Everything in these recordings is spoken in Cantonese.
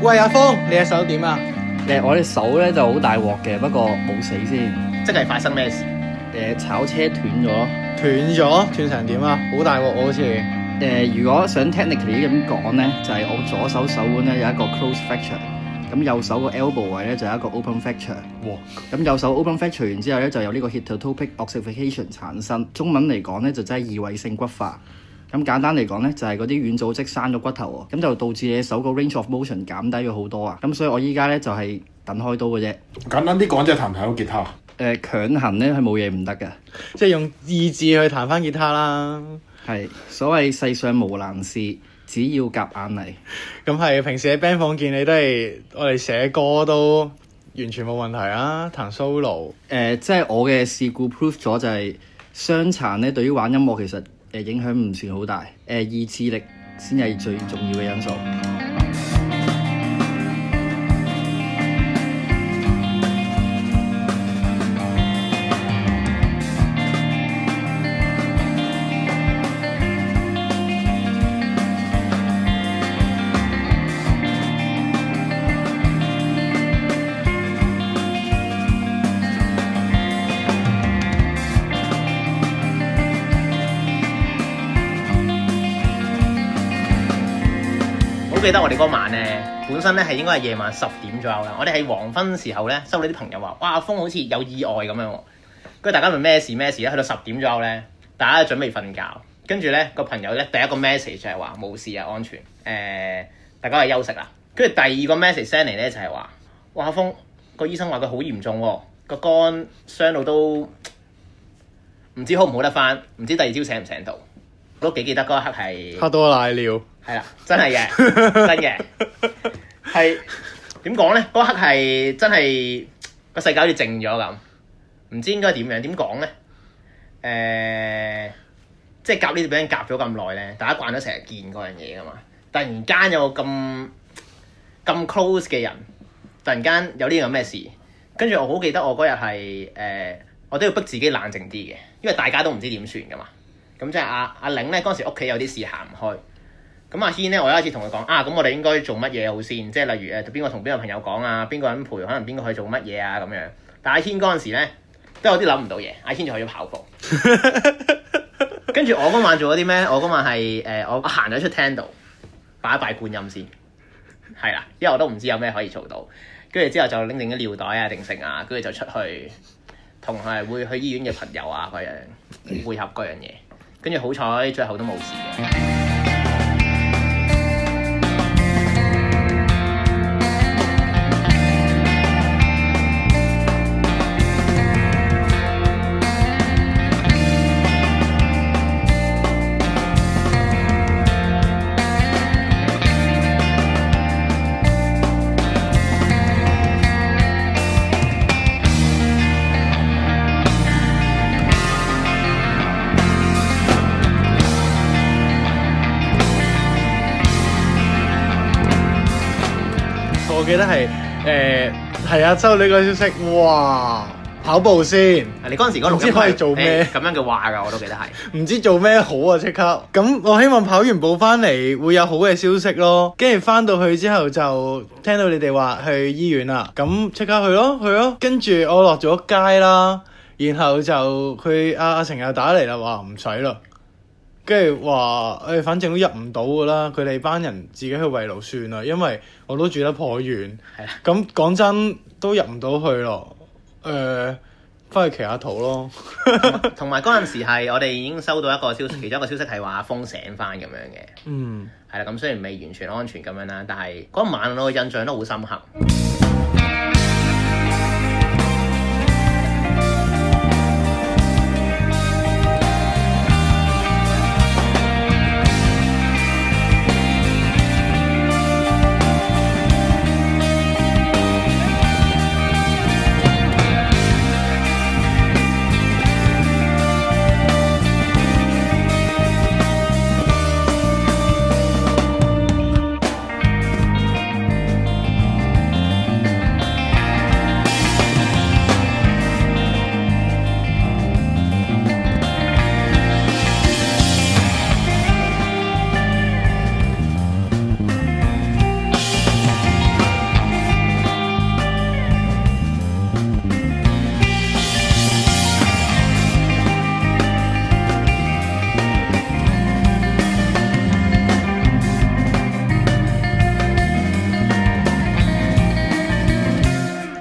喂，阿峰，你隻手點啊？誒、呃，我隻手咧就好大鑊嘅，不過冇死先。即係發生咩事？誒、呃，炒車斷咗。斷咗？斷成點啊？好大鑊，我好似。誒、呃，如果想 technically 咁講咧，就係、是、我左手手腕咧有一個 closed fracture，咁右手個 elbow 位咧就有一個 open fracture。咁 Walk. 右手 open fracture 完之後咧，就有呢個 heterotopic ossification 產生。中文嚟講咧，就真係異位性骨化。咁簡單嚟講呢就係嗰啲軟組織生咗骨頭喎，咁就導致你手個 range of motion 減低咗好多啊！咁所以我依家呢，就係等開刀嘅啫。簡單啲講就係彈唔彈到吉他？誒、呃、強行呢，係冇嘢唔得嘅，即係用意志去彈翻吉他啦。係所謂世上無難事，只要夾硬嚟。咁係平時喺 band 房見你都係我哋寫歌都完全冇問題啊，彈 solo。誒、呃、即係我嘅事故 proof 咗就係、是、傷殘呢對於玩音樂其實。影響唔算好大，呃、意志力先係最重要嘅因素。我記得我哋嗰晚咧，本身咧係應該係夜晚十點左右啦。我哋喺黃昏時候咧收到啲朋友話：哇，阿峰好似有意外咁樣。跟住，大家問咩事咩事咧？去到十點左右咧，大家準備瞓覺，跟住咧個朋友咧第一個 message 就係話冇事啊，安全。誒、呃，大家去休息啦。跟住第二個 message send 嚟，咧就係、是、話：哇，阿峰個醫生話佢好嚴重、啊，個肝傷到都唔知好唔好得翻，唔知第二朝醒唔醒到。我都幾記得嗰刻係黑多奶尿，係啦的， 真係嘅，真嘅，係點講呢？嗰刻係真係個世界好似靜咗咁，唔知應該點樣？點講呢？誒、呃，即係夾呢啲俾人夾咗咁耐呢，大家慣咗成日見嗰樣嘢噶嘛，突然間有個咁咁 close 嘅人，突然間有呢個咩事，跟住我好記得我嗰日係誒，我都要逼自己冷靜啲嘅，因為大家都唔知點算噶嘛。咁、嗯、即係阿阿玲咧，嗰時屋企有啲事行唔開。咁、嗯、阿軒咧，我有一次同佢講啊，咁我哋應該做乜嘢好先？即係例如誒邊個同邊個朋友講啊？邊個人陪？可能邊個去做乜嘢啊？咁樣。但阿軒嗰陣時咧，都有啲諗唔到嘢。阿軒就去咗跑步。 跟住我嗰晚做咗啲咩？我嗰晚係誒、呃、我行咗出廳度拜一拜觀音先，係啦。因為我都唔知有咩可以做到。跟住之後就拎定啲尿袋啊定剩啊，跟住就出去同係會去醫院嘅朋友啊嗰樣配合嗰樣嘢。跟住好彩，最後都冇事嘅。記得係誒，係啊，收呢個消息哇，跑步先，你嗰陣時唔知可以做咩，咁、欸、樣嘅話噶、啊，我都記得係唔 知做咩好啊！即刻咁我希望跑完步翻嚟會有好嘅消息咯，跟住翻到去之後就聽到你哋話去醫院啦，咁即刻去咯去咯，跟住我落咗街啦，然後就佢阿阿城又打嚟啦，話唔使咯。跟住話誒，反正都入唔到㗎啦，佢哋班人自己去圍爐算啦，因為我都住得頗遠。係啦。咁講真，都入唔到去咯。誒、呃，翻去其他土咯。同埋嗰陣時係 我哋已經收到一個消息，其中一個消息係話阿鋒醒翻咁、嗯、樣嘅。嗯，嗯。係啦，咁雖然未完全安全咁樣啦，但係嗰晚我印象都好深刻。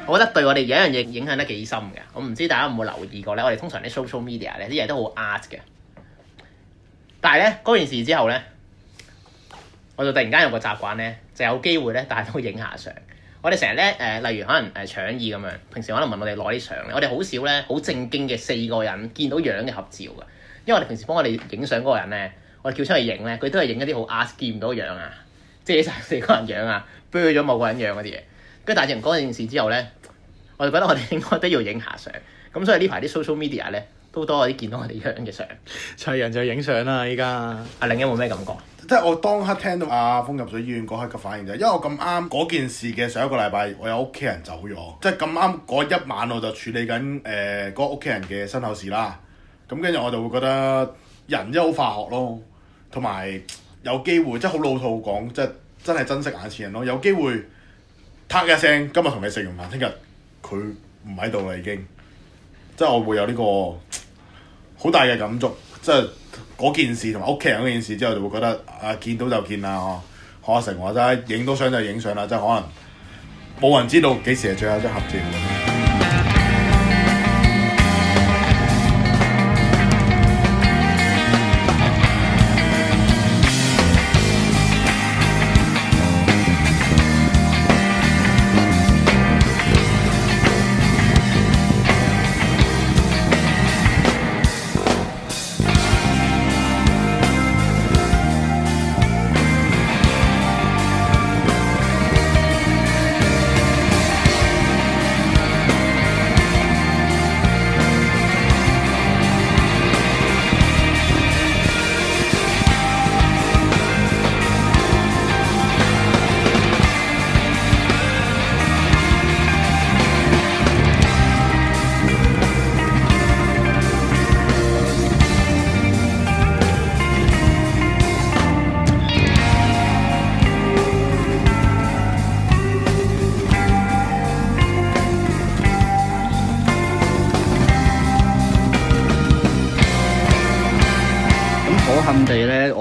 我覺得對我哋有一樣嘢影響得幾深嘅，我唔知大家有冇留意過咧。我哋通常啲 social media 咧啲嘢都好 art 嘅，但係咧嗰件事之後咧，我就突然間有個習慣咧，就是、有機會咧，大家都影下相。我哋成日咧誒，例如可能誒搶耳咁樣，平時可能問我哋攞啲相，我哋好少咧好正經嘅四個人見到樣嘅合照㗎。因為我哋平時幫我哋影相嗰個人咧，我哋叫出去影咧，佢都係影一啲好 art，見唔到樣啊，即係遮曬四個人樣啊 bury 咗某個人樣嗰啲嘢。跟住大係人嗰件事之後咧。我哋覺得我哋應該都要影下相，咁所以呢排啲 social media 咧都多啲見到我哋樣嘅相。齊人就影相啦！依家阿檸有冇咩感覺？即係我當刻聽到阿鋒入咗醫院嗰一刻嘅反應就係，因為我咁啱嗰件事嘅上一個禮拜，我有屋企人走咗，即係咁啱嗰一晚我就處理緊誒嗰個屋企人嘅身後事啦。咁跟住我就會覺得人真係好化學咯，同埋有，有機會即係好老套講，即係真係珍惜眼前人咯。有機會啪一聲，今日同你食完飯，聽日。佢唔喺度啦，已經，即係我會有呢、呢個好大嘅感觸，即係件事同埋屋企人件事之後就會覺得啊見到就見啦，阿成話齋，影到相就影相啦，即係可能冇人知道幾時係最後一張合照。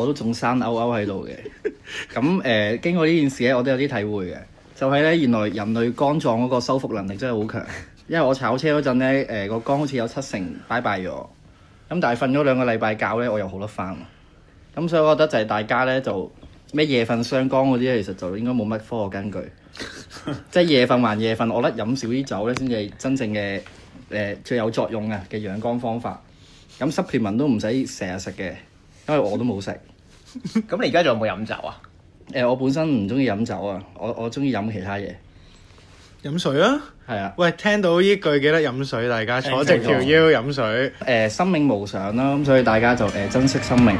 都仲生勾勾喺度嘅，咁 誒、呃、經過呢件事咧，我都有啲體會嘅，就係、是、咧原來人類肝臟嗰個修復能力真係好強。 因為我炒車嗰陣咧，誒、呃、個肝好似有七成拜拜咗，咁但係瞓咗兩個禮拜覺咧，我又好得返。咁所以我覺得就係大家咧，就咩夜瞓傷肝嗰啲，其實就應該冇乜科學根據。即係 夜瞓還夜瞓，我覺得飲少啲酒咧，先至真正嘅誒、呃、最有作用嘅嘅養肝方法。咁 supplement 都唔使成日食嘅，因為我都冇食。咁 你而家仲有冇飲酒啊？誒、呃，我本身唔中意飲酒飲啊，我我中意飲其他嘢，飲水啊，係啊。喂，聽到呢句記得飲水，大家坐直條腰飲水。誒、呃，生命無常啦，咁所以大家就誒、呃、珍惜生命。